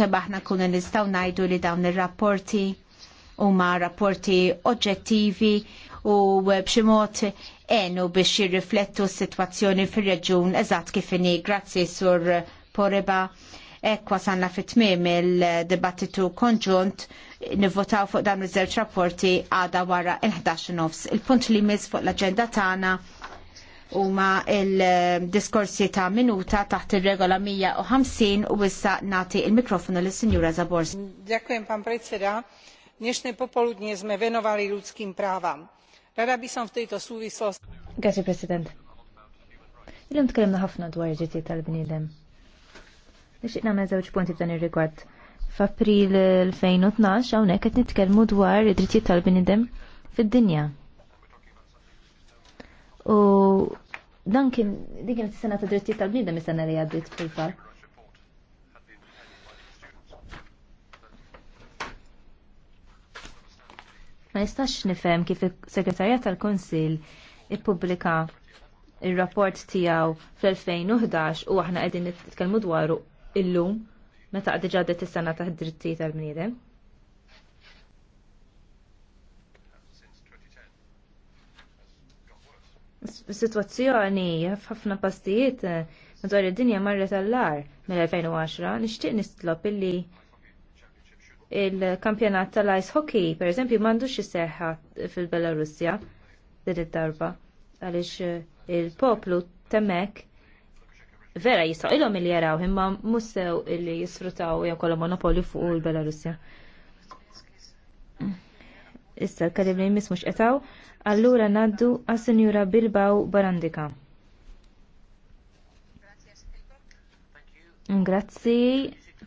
kemm aħna kuna nistgħu ngħidu li dawn ir-rapporti huma rapporti oġġettivi u b'xi mod enu biex jirriflettu s-sitwazzjoni fir-reġjun eżatt kif inhi. Grazzi sur Poreba. Ekk wasanna fit-tmiem il-dibattitu konġunt nivvotaw fuq dan iż-żewġ rapporti għada wara il-11 nofs. Il-punt li miss fuq l-aġenda tagħna huma il-diskorsi ta' minuta taħt il regola 150 u issa nati il-mikrofonu l sinjura Zaborski. Ďakujem pan predseda. Dnešné popoludnie sme venovali ľudským právam. Rada by som v tejto súvislosti... Grazie, President. Illum tkellimna ħafna dwar ġiti tal-bniedem. Nixtieq nagħmel żewġ punti f'dan ir-rigward. F'April 2012 hawnhekk qed nitkellmu dwar id-drittijiet tal bnidem fid-dinja U dan kien din kienet is-sena ta' drittijiet tal-bniedem is-sena li għaddiet fil-fatt. Ma nistax nifhem kif is-Segretarjat tal-Kunsill ippubblika il-rapport tiegħu fl-2011 u aħna qegħdin nitkellmu dwaru illum meta qed diġà is-sena ta' drittijiet tal-bniedem. situazzjoni f'ħafna pastijiet eh, madwar id-dinja marret allar mill-2010 nixtieq nistlob illi il-kampjonat tal-ice hockey, per eżempju, m'għandux jisserħa fil-Belarusja din id-darba għaliex eh, il-poplu temmek vera jistaqilhom il jaraw imma mussew illi jisfrutaw jew kollha monopolju fuq il-Belarusja issa l-kadim li jmiss mux etaw, allura naddu għas-senjura Bilbaw Barandika. Grazzi.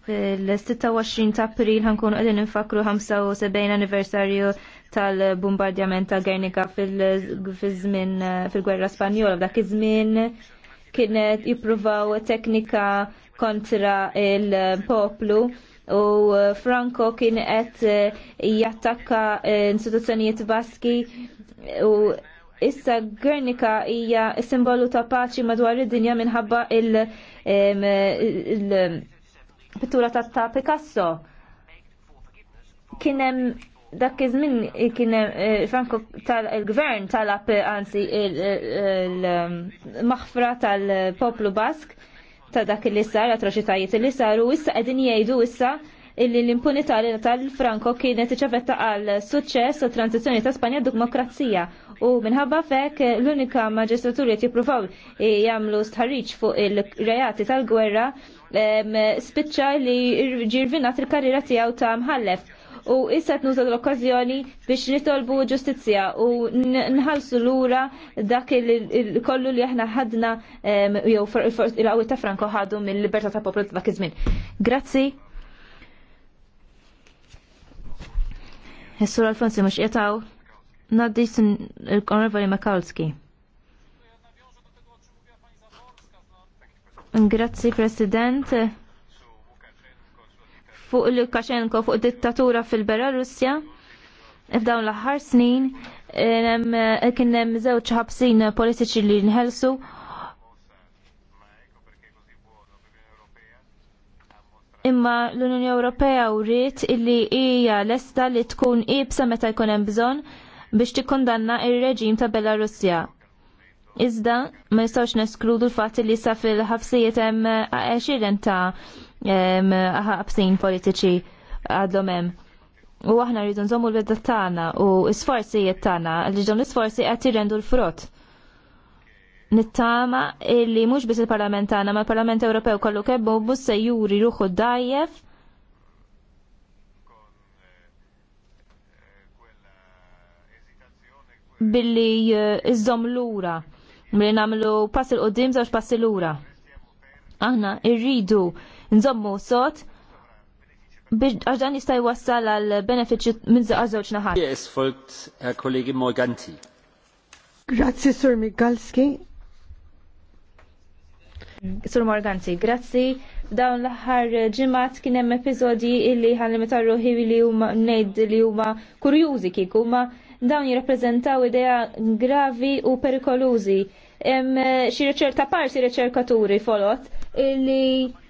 Fil-26 ta' april ħankunu għedin nfakru 75 anniversarju tal-bombardjament ta' Gernika fil-żmien fil-gwerra Spanjola. Dak iż-żmien kienet jippruvaw teknika kontra il-poplu u uh, Franco kien qed uh, jattakka uh, instituzzjonijiet Baski u issa Guernica hija simbolu ta' paċi madwar id-dinja minħabba il-pittura um, um, ta' Picasso. Kien hemm dak iż-żmien kien Franco tal-gvern talab anzi il-maħfra um, tal-poplu Bask ta' dak li sar, atroċitajiet li saru, issa qegħdin jgħidu issa illi l-impunità li tal-Franco kienet iċavetta għal suċċess u tranzizjoni ta' Spanja demokrazija. U minħabba fek l-unika maġistraturi qed jippruvaw jagħmlu stħarriġ fuq il-rejati tal-gwerra spiċċa li ġirvinat il-karriera tiegħu ta' mħallef u issa nuża l okkazjoni biex nitolbu ġustizja u nħalsu l-ura dak il kollu li aħna ħadna jew il għawit ta' Franko ħadu mill-libertà ta' poplu dak iż-żmien. Grazzi. Jessur Alfonsi mux jetaw. Naddi il-Onorevoli Makalski. Grazie Presidente fuq Lukashenko fuq dittatura fil-Belarusja f'dawn l-aħħar snin eh, eh, kien hemm żewġ ħabsin politiċi li nħelsu imma l-Unjoni Ewropea wriet illi hija lesta li tkun qiebsa meta jkun hemm bżonn biex tikkondanna ir-reġim ta' Belarusja. Iżda ma jistgħux neskludu l-fatt li sa fil-ħabsijiet hemm eh, għexieren ta' ħabsin politiċi għadlom hemm. U aħna rridu nżommu l-bidda tagħna u s-sforzijiet tagħna li ġon l-isforzi qed jirrendu l-frott. Nittama illi mhux biss il-Parlament tagħna ma l-Parlament Ewropew kollu kebbu bus se juri ruħu dajjef billi eh, iżom lura milli nagħmlu passi il-qoddim żewġ passi lura. Aħna irridu nżommu sot biex għaxdan jista' jwassal għal benefiċċju minn żewġ naħat. Yes, folgt eh, kollegi Morganti. Grazzi Sur Migalski. Sur Morganti, grazzi. Dawn l-aħħar ġimgħat kien hemm episodji illi ħallimeta ruħi li huma ngħid li huma kurjużi kieku huma dawn jirrappreżentaw idea gravi u perikolużi. Hemm eh, xi riċerka parti riċerkaturi folot illi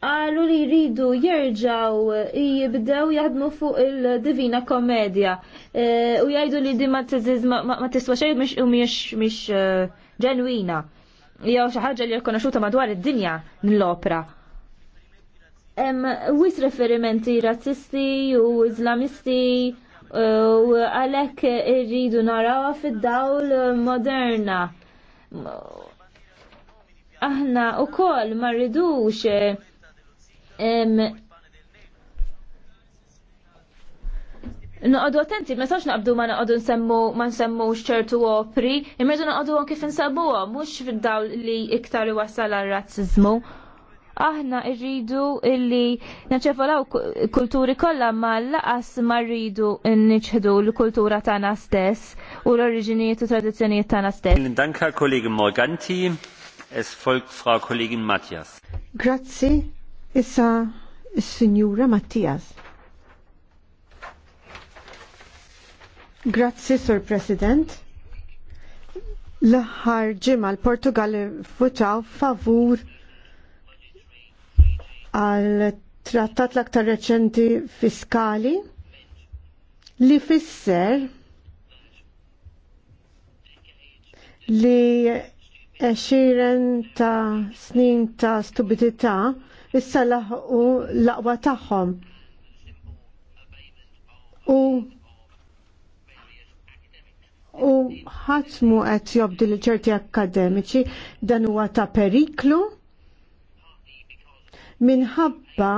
għalu li jridu jirġaw jibdew jaħdmu fuq il-Divina Komedja e, u jgħidu li di ma tiswa xej u miex e, ġenwina. Jew xi ħaġa li rkonoxuta madwar id-dinja l-opra. Wis referimenti razzisti u islamisti e, u għalek irridu narawa fid-dawl moderna. Aħna u koll ma rridux Noqdu attenti, ma sax naqbdu ma naqdu nsemmu ma nsemmu ċertu opri, immerdu naqdu għon kif għom, mux fil-dawl li iktar wasal għal razzizmu. Aħna irridu illi naċefolaw kulturi kollha ma laqas ma rridu niċħdu l-kultura tagħna stess u l-oriġinijiet u tradizzjonijiet tagħna stess. Danka kollegi Morganti, es folk fra Kollegin Matjas. Grazzi, Issa, s sinjura Mattias. Grazzi, Sir President. L-ħar ġimma l-Portugal votaw favur għal trattat l-aktar reċenti fiskali li fisser li eċiren ta' snin ta' stupidità issa laħqu l-aqwa tagħhom. U u ħatmu qed jobdi li ċerti akkademiċi dan huwa ta' periklu minħabba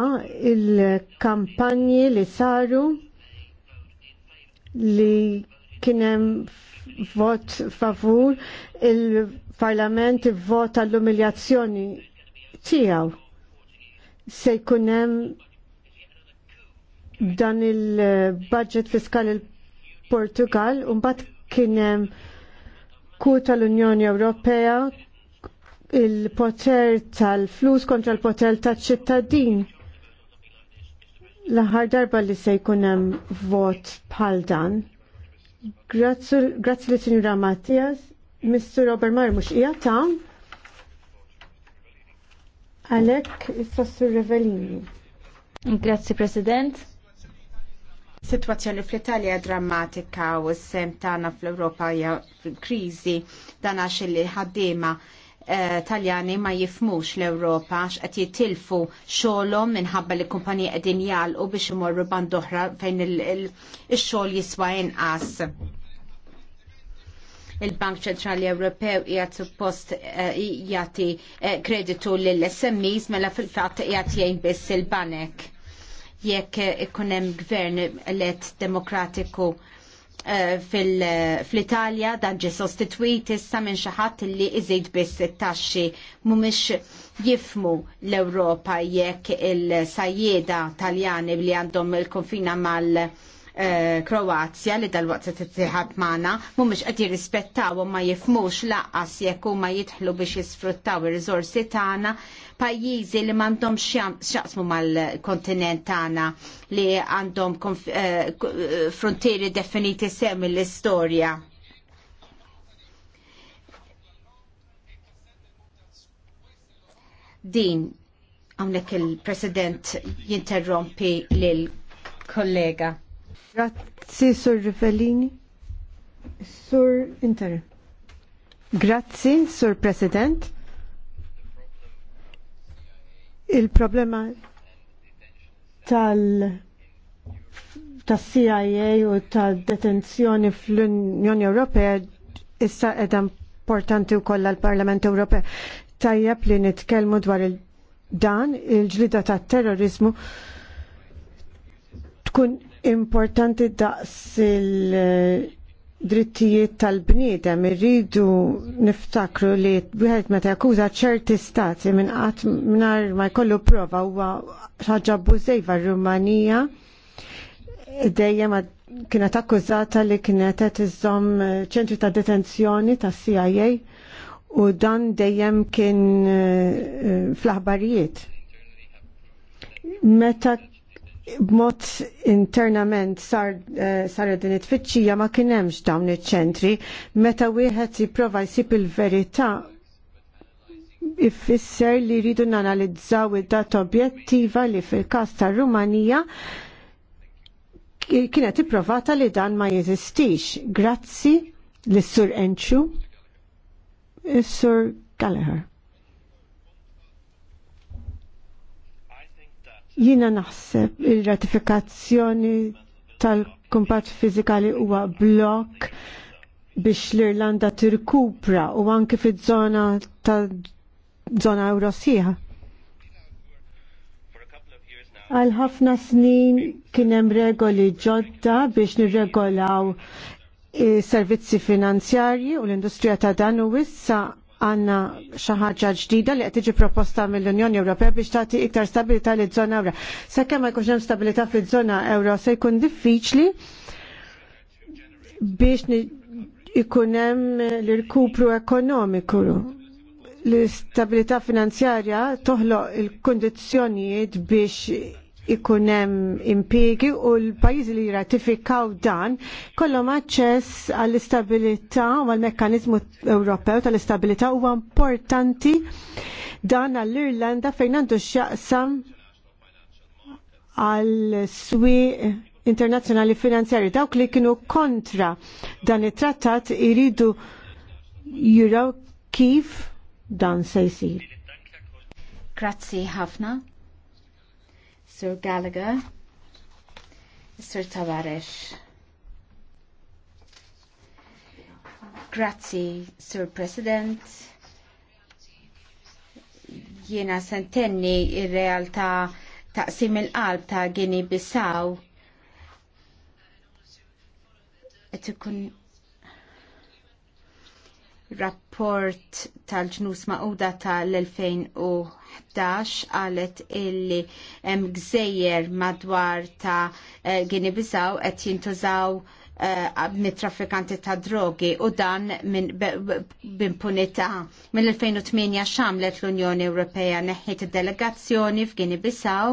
il-kampanji li saru li kienem vot favur il-parlament vota l-umiljazzjoni tiegħu se jkun hemm dan il-budget fiskali il-Portugal u mbagħad kien hemm ku tal-Unjoni Ewropea il-poter tal-flus kontra l-poter tal-ċittadin. L-aħħar darba li se jkun hemm vot bħal dan. Grazzi li Sinjura Mattias, Mr. Robert Mar mhux qiegħed ta' Għalek, s-sassur Revelini. Grazzi, President. Situazzjoni fl-Italja drammatika u s-sem tana fl-Europa hija krizi dan għax li ħaddiema eh, Taljani ma jifmux l-Europa qed jitilfu xogħolhom minħabba li kumpanija qegħdin jgħalqu biex imorru oħra fejn il-xogħol jiswa inqas il-Bank Ċentrali Ewropew jgħat suppost eh, jgħati eh, kreditu l-SMEs mela fil-fat jgħat jgħin biss il-banek. Jekk eh, ikunem gvern elett demokratiku fil-Italja dan ġi sostituit issa minn xi ħadd li iżid biss it-taxxi mhumiex jifmu l-Ewropa jekk il-sajjeda Taljani li għandhom il-konfina mal- Eh, Kroazja li dal-waqt se titħab magħna mhumiex qed jirrispettaw u ma jifmux laqqas jekk huma jidħlu biex jisfruttaw ir-riżorsi tagħna pajjiżi li m'għandhom x'jaqsmu mal-kontinent tagħna li għandhom eh, eh, frontieri definiti sew mill-istorja. Din għamlek il-President jinterrompi lil kollega. Grazzi, Sur Sur Inter. Grazzi, Sur President. Il-problema tal tas-CIA u tad-detenzjoni fl-Unjoni Ewropea issa edha importanti wkoll għall parlament Ewropea. Tajjeb li nitkellmu dwar il dan il-ġlida tat terrorizmu tkun importanti daqs il- drittijiet tal-bniedem irridu niftakru li wieħed meta jakkuża ċerti stati minn qatt mingħajr ma jkollu prova huwa ħaġa abbużejva r-Rumanija dejjem kienet akkużata li kienet qed iżżomm ċentri ta' detenzjoni tas CIA u dan dejjem kien eh, fl-aħbarijiet. Meta b'mod internament sar, eh, sar din it-tfittxija ma kien hemmx dawn iċ-ċentri meta wieħed jipprova jsib il-verità ifisser li rridu nanalizzaw id-data objettiva li fil-każ tar-Rumanija kienet ipprovata li dan ma jeżistix. Grazzi lis sur Enċu, is-Sur Gallagher. Jina naħseb il-ratifikazzjoni tal-kumpat fizikali huwa blok biex l-Irlanda tirkupra u anke fiż-żona ta' żona Ewrosija. Għal ħafna snin kien hemm regoli ġodda biex nirregolaw eh, servizzi finanzjarji u l-industrija ta' dan u wissa għanna xaħġa ġdida li qed tiġi proposta mill-Unjoni Ewropea biex tagħti iktar stabilità li zona ewra. Sakemm ma jkunx hemm stabilità fiż-żona ewra se jkun diffiċli biex ikun hemm l-irkupru ekonomiku. L-istabilità finanzjarja toħloq il-kondizzjonijiet biex ikun hemm impjiegi u l-pajjiżi li jirratifikaw dan kollhom aċċess għall istabilita u għall-mekkaniżmu Ewropew tal-istabilità huwa importanti dan għall-Irlanda fejn għandu x'jaqsam għall-swieq internazzjonali finanzjari dawk li kienu kontra dan it-trattat iridu jiraw kif dan se jsir. Grazzi ħafna Sir Gallagher, Sir Tavares. Grazzi, Sir President. Jena sentenni ir-realtà taqsim il-qalb ta' Gini Bissaw. Et ikun rapport tal-ġnus maquda tal-2011 għalet illi hemm gżejjer madwar ta' eh, Gini Bisaw qed jintużaw eh, mit-traffikanti ta' drogi u dan minn b'impunità. Mill-2008 xamlet l-Unjoni Ewropea neħħit id-delegazzjoni f'Gini Bisaw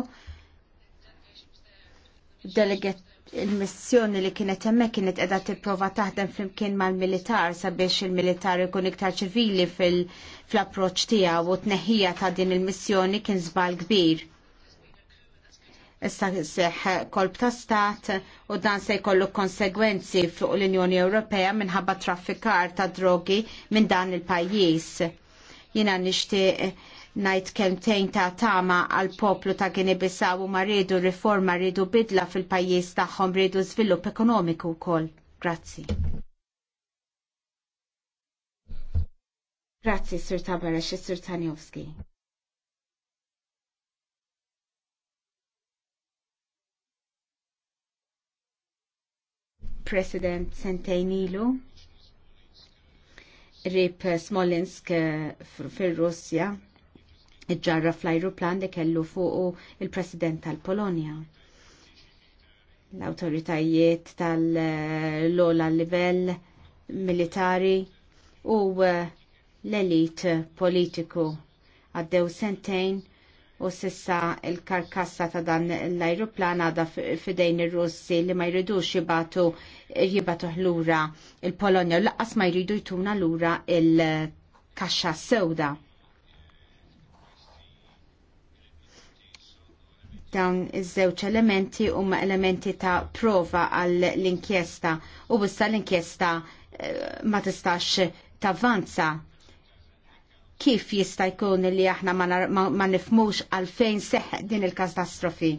delegat il-missjoni li kienet hemmhekk kienet qiegħda tipprova taħdem flimkien mal-militar sabiex il-militar ikun iktar ċivili fl-approċċ tiegħu u tneħħija ta' din il-missjoni kien żball kbir. Issa seħ kolb ta' stat u dan se jkollu konsegwenzi fuq l-Unjoni Ewropea minħabba traffikar ta' drogi minn dan il-pajjiż. Jiena nixtieq najt kemtejn ta' tama għal poplu ta' bisaw u ma rridu riforma rridu bidla fil-pajjiż tagħhom rridu żvilupp ekonomiku wkoll. Grazzi. Grazzi, Sir Tabarash, Sir Tanjowski. President Sentejnilu, Rip Smolensk eh, fil-Russja, iġġarra fl-ajruplan li kellu fuq il-President tal-Polonja. L-autoritajiet tal-lola livell militari u eh, l-elit politiku għaddew sentejn u sissa il-karkassa ta' dan l-ajruplan għada fidejn ir-Russi li ma jridux jibatu jibatu l-ura il-Polonja u laqqas ma jridu jtuna l-ura il-kaxxa sewda. Dawn iż-żewġ elementi huma elementi ta' prova għall-inkjesta u bissa l-inkjesta eh, ma tistax tavvanza kif jista' jkun li aħna ma nifmux għalfejn seħ din il-katastrofi.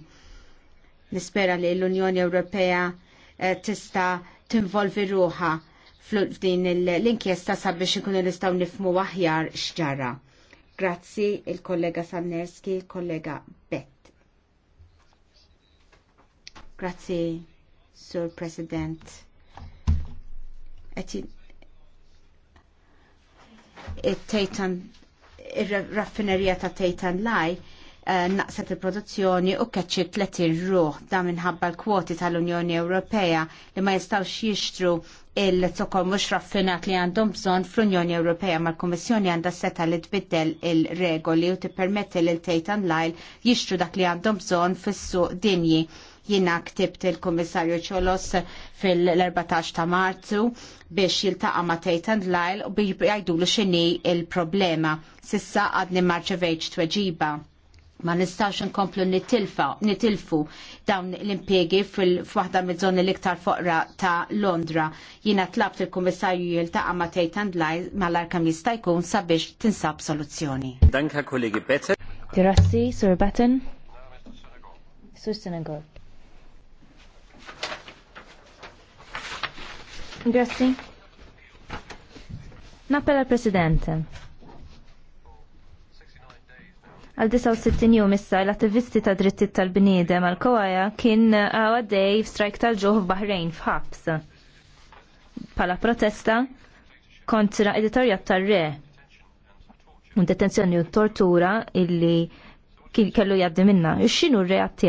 Nispera li l-Unjoni Ewropea eh, tista' tinvolvi ruħa f'din l-inkjesta sabiex ikunu nistgħu nifmu aħjar x'ġara. Grazzi il-kollega Sannerski, il-kollega Beck. Grazzi, Sur President. et titan il-raffinerija ta' Titan Lai eh, naqset il-produzzjoni u t-letin ruħ da minħabba l-kwoti tal-Unjoni Ewropea li ma jistawx jixtru il-zokkol mux raffinat li għandhom bżon fl-Unjoni Ewropea ma l-Kommissjoni għandha seta li tbiddel il-regoli u tippermetti l tejtan lajl jixtru dak li għandhom bżon fis-suq dinji Jina ktibt il-Komissarju ċolos fil-14 ta' marzu biex jiltaqa ma' Tejtan Lajl u biex jajdu l il-problema. Sissa għadni marċevejċ tweġiba. Ma nistax nkomplu nitilfu dawn l-impiegi fil-waħda mid-żoni l-iktar foqra ta' Londra. Jina tlabt il kummissarju jiltaqa ma' Tejtan Lajl mal-arkam jista' jkun sabiex tinsab soluzzjoni. Danka kollegi Betten. Grazie, Sir Batten. Sur Senegal. Grazzi. Nappella l-President. Għal 69 jum issa l-attivisti ta' dritti tal-bniedem għal kowaja kien uh, għawaddej f-strajk tal-ġuħ f f'ħabs. Pala protesta kontra editorjat tal-re un detenzjoni u tortura illi kellu jaddi minna. X'inhu r-reat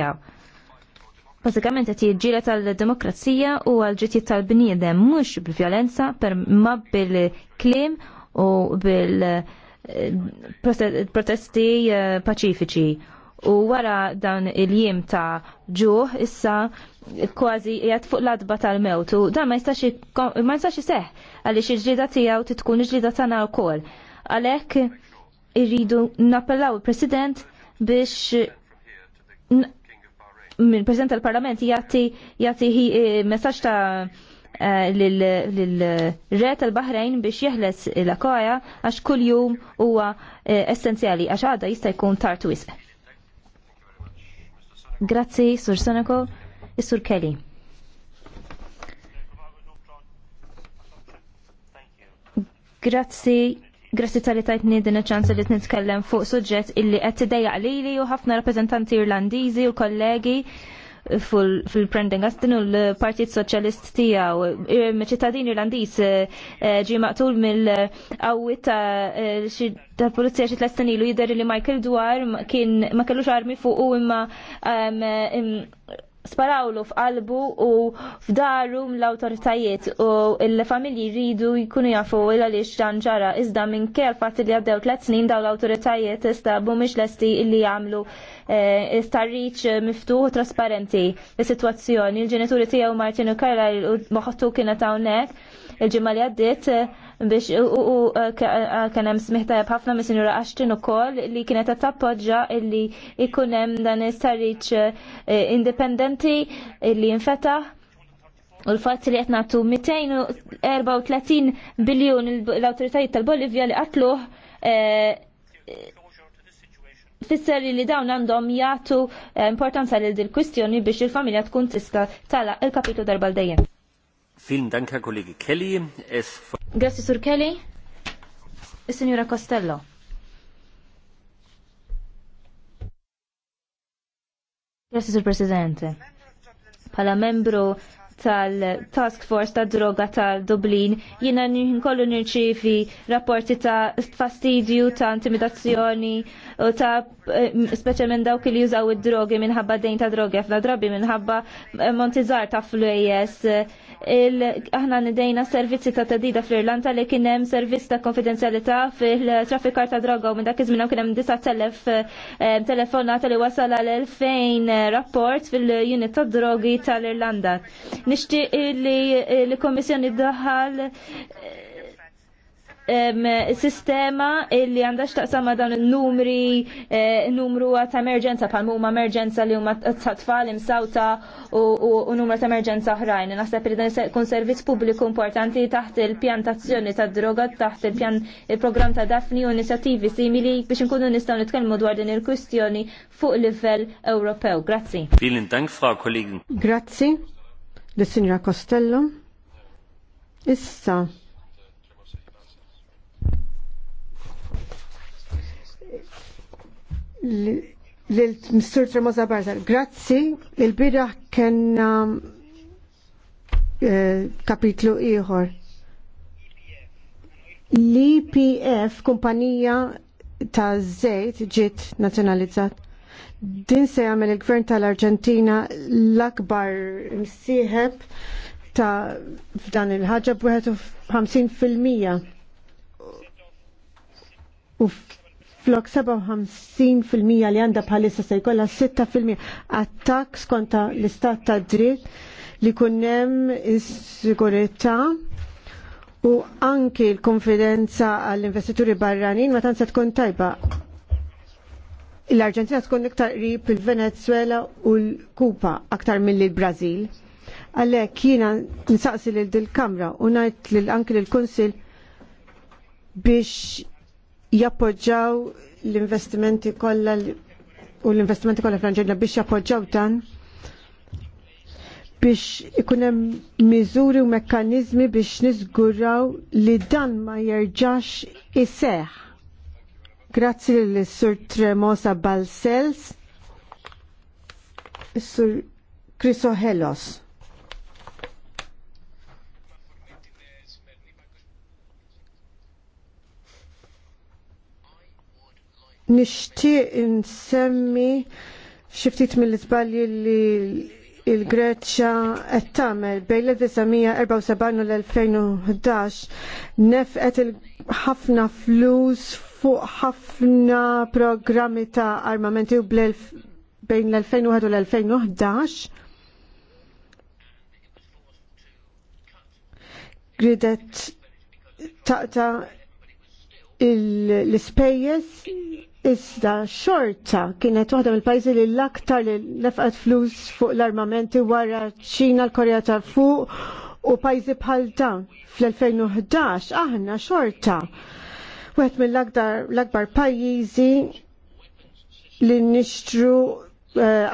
bażikament qed jiġġiela tal-demokrazija u għal ġittijiet tal-bniedem mhux bil-vjolenza ma bil-kliem u bil-protesti eh, eh, paċifiċi. U wara dan il-jiem ta' ġuħ issa kważi jgħat fuq l-adba tal-mewt u dan ma jistax jiseħ għaliex il-ġlida tiegħu titkun il-ġlida u wkoll. Għalhekk irridu nappellaw il-President biex minn President tal-Parlament jatti jatti hi eh, messaġġ ta' eh, lil-re tal-Bahrajn biex jeħles l-akoja għax kull jum huwa eh, essenzjali għax għadda jista' jkun tartu wisq. Grazzi, Sur Sonako, Sur Kelly. Grazzi, Grazzi tal-li tajtni din ċans li t-nitkellem fuq suġġett illi qed tidejja lili u ħafna rappreżentanti Irlandiżi u kollegi fil-prending Astin u l-Partit Soċjalist tijaw. ċittadin Irlandiż eh, ġi maqtul mill-għawit ta' polizija eh, xi tlet ilu jidher li Michael Dwar kien ma kellux armi fuq u imma sparawlu f'qalbu u f'daru l awtoritajiet u l-familji jridu jkunu jafu il għaliex dan ġara iżda minn kell fatt li għaddew tliet snin dawn l-awtoritajiet istabu mhux lesti li jagħmlu eh, starriċ miftuħ u trasparenti l-sitwazzjoni. Il-ġenituri tiegħu Martin u Karla u moħħtu kienet hawnhekk il-ġimma li għaddiet eh, biex u eh, eh, kien hemm smiħta ħafna mis sinjura Ashton ukoll li kienet qed tappoġġa illi ikun hemm dan is-sarriċ indipendenti li jinfetaħ U l fat li qed nagħtu 234 biljun l-awtoritajiet tal-Bolivja li qatluh fisser li dawn għandhom jagħtu importanza lil din kwistjoni biex il-familja tkun tista' tala il-kapitlu darba l Vielen Kelly. Es... Grazie, Sur Kelly. E, signora Costello. Grazie, Sur Presidente. Pala membru tal-Task Force ta' droga tal-Dublin, jina nkollu nirċifi rapporti ta' fastidju, ta' intimidazzjoni, u ta' minn dawk li jużaw id-drogi minħabba dejn ta' drogi, fna drabi minħabba montizar ta' flujes aħna nidejna servizzi ta' tadida fl-Irlanda li kien hemm servizz ta' konfidenzjalità fil-traffikar ta' droga u minn dak iż-żmien kien hemm 9000 eh, telefonata li wasal għal 2000 eh, rapport fil-unit ta' drogi tal-Irlanda. Nixtieq li l-Kommissjoni daħal eh, sistema illi għandha x'taqsam ma' dawn il-numri eh, numru ta' emerġenza pal huma emerġenza li huma ta' tfal imsawta u numru ta' emerġenza oħrajn. Naħseb li dan jkun servizz pubbliku importanti taħt il-pjantazzjoni ta' droga taħt il-pjan il-programm ta' dafni u inizjattivi simili biex inkunu nistgħu nitkellmu dwar din il-kwistjoni fuq livell Ewropew. Grazzi. Vielen Dank, Frau Kollegin. Grazzi, l-Sinjora Costello. Issa, l mistur Tremosa Barzal. Grazzi, il-bira kena eh, kapitlu iħor. L-IPF, e kumpanija ta' zejt, ġiet nazjonalizzat. Din se jagħmel il-gvern tal-Arġentina l-akbar msieħeb ta' f'dan il-ħaġa 50 fil-mija flok 57% li għanda bħalissa se jkollha 6% attak skonta l-istat ta' dritt li kunnem is sigurità u anki l-konfidenza għall-investituri barranin ma tant se tkun tajba. L-Arġentina tkun iktar qrib il-Venezuela u l kupa aktar mill l-Brazil. Għalhekk jiena nsaqsi lil dil-Kamra u ngħid lil anki lil-Kunsil biex jappoġġaw l-investimenti kollha u l-investimenti kollha fl biex jappoġġaw dan biex ikun hemm miżuri u mekkaniżmi biex niżguraw li dan ma jerġax iseħħ. Grazzi lill sur Tremosa Balsels, is-Sur Crisohelos. Nixtieq insemmi xi ftit mill-iżbalji li il-Greċja qed tagħmel bejn l-1974 u l-2011 nefqet ħafna flus fuq ħafna programmi ta' armamenti u bejn l-2001 u l-2011 gridet taqta l-ispejjeż Iżda xorta kienet waħda mill-pajjiżi li l-aktar li lefqat flus fuq l-armamenti wara ċina l-Korea tal fuq u pajjiżi bħal dawn fl-2011 aħna xorta. Wieħed mill-akbar pajjiżi li nixtru uh,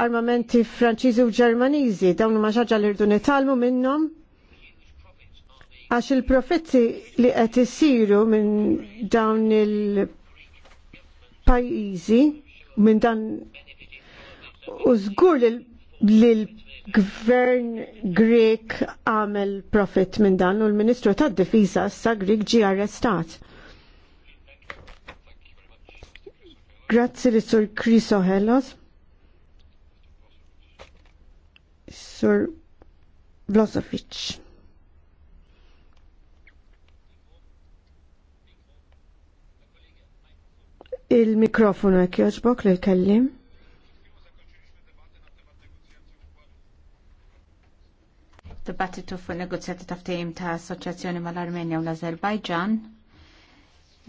armamenti Franċiżi u Ġermaniżi dawn huma xaġa li rdu nitalmu minnhom għax il-profetti li qed isiru minn dawn il- pajizi minn dan u zgur li l-gvern Grek għamel profit minn dan u l-Ministru tad-Difiża sa Grek ġie arrestat. Grazzi li sur Kriso Hellos. Sur Vlosovic. Il-mikrofonu għek joġbok li l-kellim. Dibattitu fuq negozjati ta' ftehim ta' assoċjazzjoni mal-Armenja u l-Azerbajġan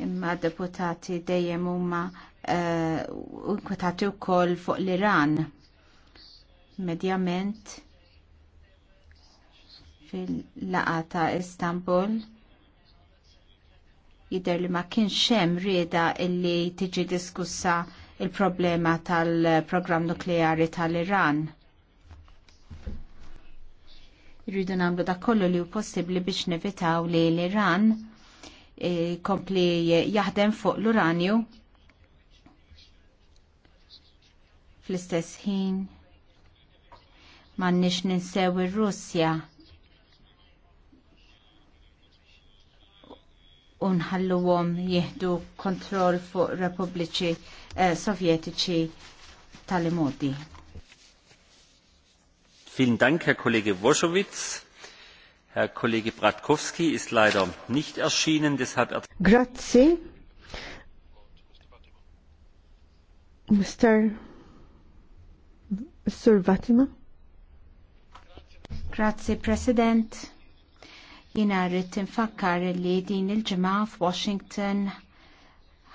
imma deputati dejjem huma eh, inkwetati wkoll fuq l-Iran medjament fil-laqa ta' Istanbul Jidher li ma kienx hemm rieda illi tiġi diskussa il-problema tal-programm nukleari tal-Iran. Irridu nagħmlu dak kollu li hu possibbli biex nevitaw li l-Iran eh, kompli jaħdem fuq l-uranju fl-istess ħin m'għandniex ninsew il russja unħallu għom jihdu kontrol fuq Republiċi eh, sovjetiċi tal-imodi. Vielen Dank, Herr Kollege Woschowitz. Herr Kollege Bratkowski ist leider nicht erschienen, deshalb... er Grazie. Mr. Sir Vatima. Grazie, Präsident. Jina rrit tinfakkar li din il-ġimgħa f'Washington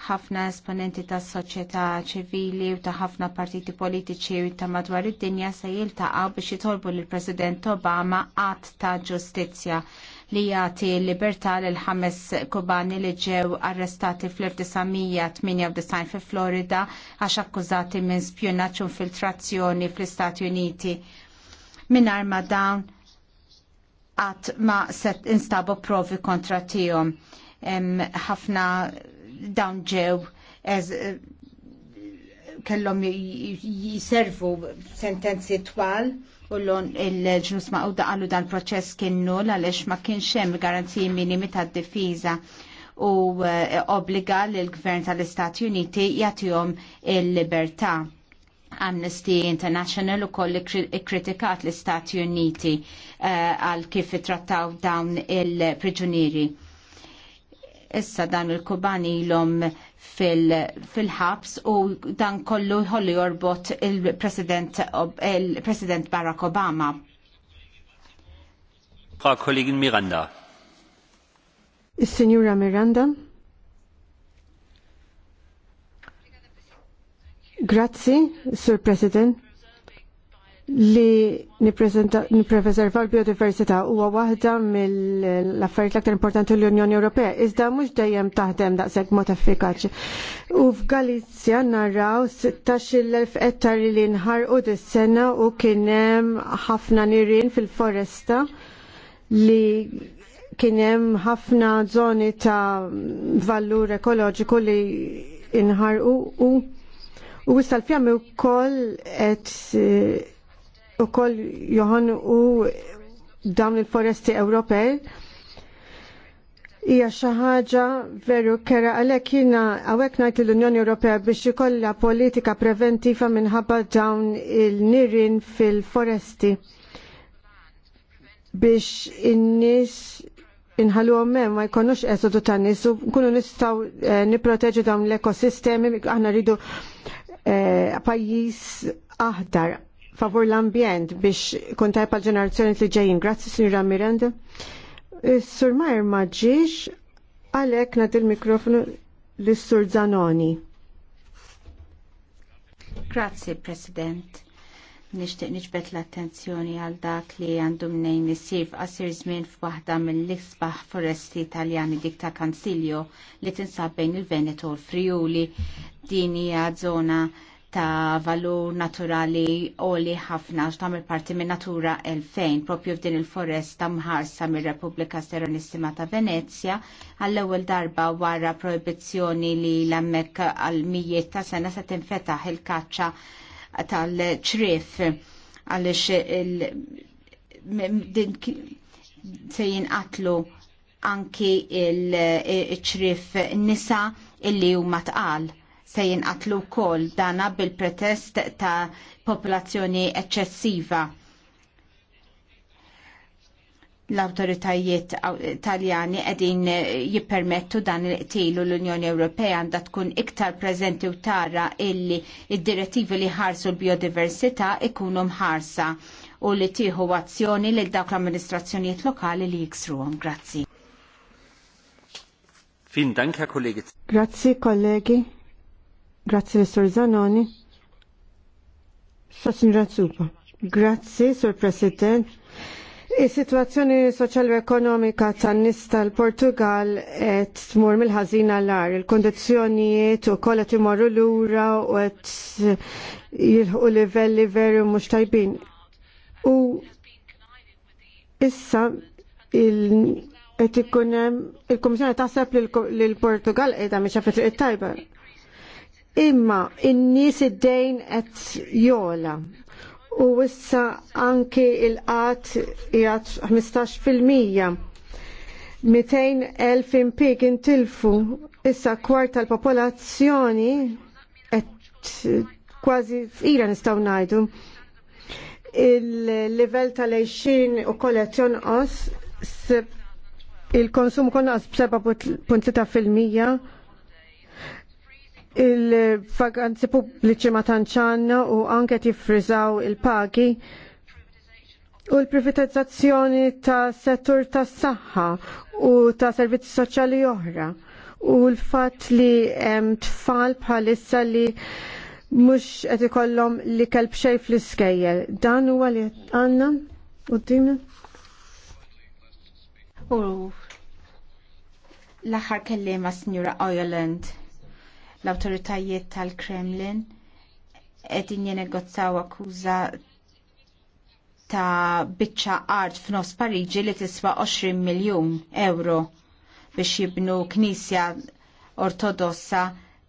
ħafna esponenti tas soċjetà ċivili u ta' ħafna partiti politiċi u ta' madwar id-dinja se jiltaqgħu biex jitolbu lill president Obama qatt ta' ġustizzja li jagħti l-libertà lil ħames kubani li ġew arrestati fl-1998 fi Florida għax akkużati minn spjunaġġ u infiltrazzjoni fl-Istati Uniti. Minn arma dawn għat ma set instabu provi kontra tijom. ħafna dawn ġew kellhom jiservu sentenzi twal u l-on il-ġnus ma' u daqalu dan proċess nul għaliex ma' kienx hemm garanziji minimi tad-difiża u eh, obbliga l-gvern tal-Istati Uniti jagħtihom il-libertà. Amnesty International u koll kritikat l-Istati Uniti eh, għal kif trattaw dawn il-priġunieri. Issa dan il-Kubani ilhom fil-ħabs u dan kollu jħollu jorbot il-President il -President Barack Obama. Frau Kollegin Miranda. is Miranda. Grazzi, Sur President, li nipreserva l-biodiversità huwa waħda mill-affarijiet l-aktar importanti l-Unjoni Ewropea, iżda mhux dejjem taħdem daqshekk mod effikaċi. U f'Galizja narraw 16,000 ettari li nħarqu dis-sena u kien hemm ħafna nirien fil-foresta li kien hemm ħafna żoni ta' vallur ekoloġiku li inħarqu u U issa u fjammi et eh, u ukoll joħon u dawn il-foresti Ewropej hija xi ħaġa veru kera għalhekk jiena għawek ngħid l-Unjoni Ewropea biex jikolla politika preventiva minħabba dawn il-nirien fil-foresti biex in-nies inħallu għommem ma jkonux esodu ta' nies u nkunu nistgħu eh, nipproteġu dawn l-ekosistemi aħna rridu Eh, pajis aħdar favor l-ambjent biex kontaj pal ġenerazzjoni li ġejjin. Grazzi, Sinjura Miranda. Eh, Sur Majer maġġiex, għalek nad il-mikrofonu l-Sur Zanoni. Grazie, President nixtieq niġbet l-attenzjoni għal dak li għandu mnejn nisib f'qasir żmien f'waħda mill-isbaħ foresti Taljani dik ta' Kansilju li tinsab bejn il-Veneto u l-Friuli. Din hija żona ta' valur naturali oli ħafna tamil parti minn Natura 2000 propju f'din il forest ta' mħarsa mir-Repubblika Seronissima ta' Venezja għall-ewwel darba wara proibizzjoni li l-ammek għal mijiet ta' sena se tinfetaħ il-kaċċa tal-ċrif għalix se jinqatlu anki il-ċrif nisa illi huma tqal se jinqatlu kol dana bil-pretest ta' popolazzjoni eccessiva l-autoritajiet taljani għedin eh, jippermettu dan il-qtil l-Unjoni Ewropea għandha tkun iktar prezenti u tara illi id-direttivi li ħarsu l-biodiversità ikunu mħarsa u li tieħu azzjoni lil dawk l-amministrazzjonijiet lokali li jiksruhom. Grazzi. Fin danka kollegi. Grazzi, kollegi. Grazzi, Sur Zanoni. Sassin Razzupa. Grazzi, Sur President. Is-sitwazzjoni soċjali ekonomika tan-nies tal-Portugal qed tmur mill-ħażin għall il kundizzjonijiet ukoll qed imorru lura u qed jilħu livelli veri mhux tajbin. U issa qed ikun il-Kummissjoni taħseb li l-Portugal qiegħda mhix fi triq tajba. Imma in-nies id-dejn qed jola u wissa anki il-qat jgħat 15%. 200.000 impig intilfu issa kwart tal-popolazzjoni kważi f'ira nistaw najdu. Il-level tal eċin u kollezzjon os il-konsum konna 7.3% il-vaganzi pubbliċi ma tanċanna u anke tifrizaw il-pagi u l-privatizzazzjoni ta' settur ta' saħħa u ta' servizzi soċjali oħra u l-fat li hemm tfal bħalissa li mhux qed ikollhom li kelb xejn fl-iskejjel. Dan huwa li għandna qudiemna. U l-aħħar kellima Sinjura Ireland l-autoritajiet tal-Kremlin qegħdin jenegozzaw akkuża ta' biċċa art f'nofs Pariġi li tiswa 20 miljun euro biex jibnu knisja ortodossa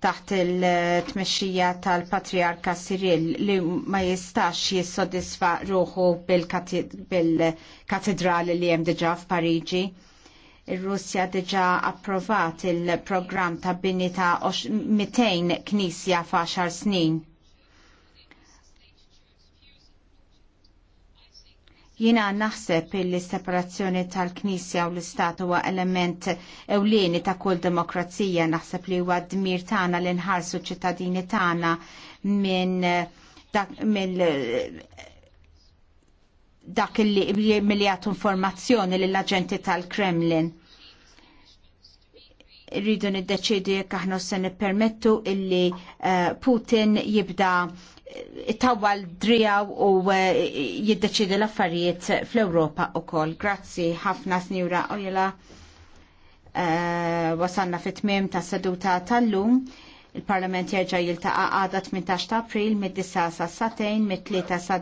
taħt il-tmexxija tal-Patriarka Siril li ma jistax jissodisfa ruħu bil-katedrali li hemm diġà f'Pariġi. Il-Russja diġa approvat il-program ta' bini ta' 200 knisja fa' xar snin. Jina naħseb il-separazzjoni tal-Knisja u l-Istat huwa element ewlieni ta' kull demokrazija naħseb li huwa dmir tagħna li nħarsu ċittadini tagħna minn dak li jgħatu informazzjoni lill-aġenti tal-Kremlin. Rridu niddeċidu jekk aħna se nippermettu illi eh, Putin jibda eh, tawal drijaw u eh, jiddeċidi l-affarijiet fl-Ewropa u kol. Grazzi ħafna snjura ojela. Wasanna fit-tmim ta' seduta tal-lum. Il-Parlament jerġa' jiltaqa' għada 18 ta' April mid disa sa' satejn mit-tlieta sa'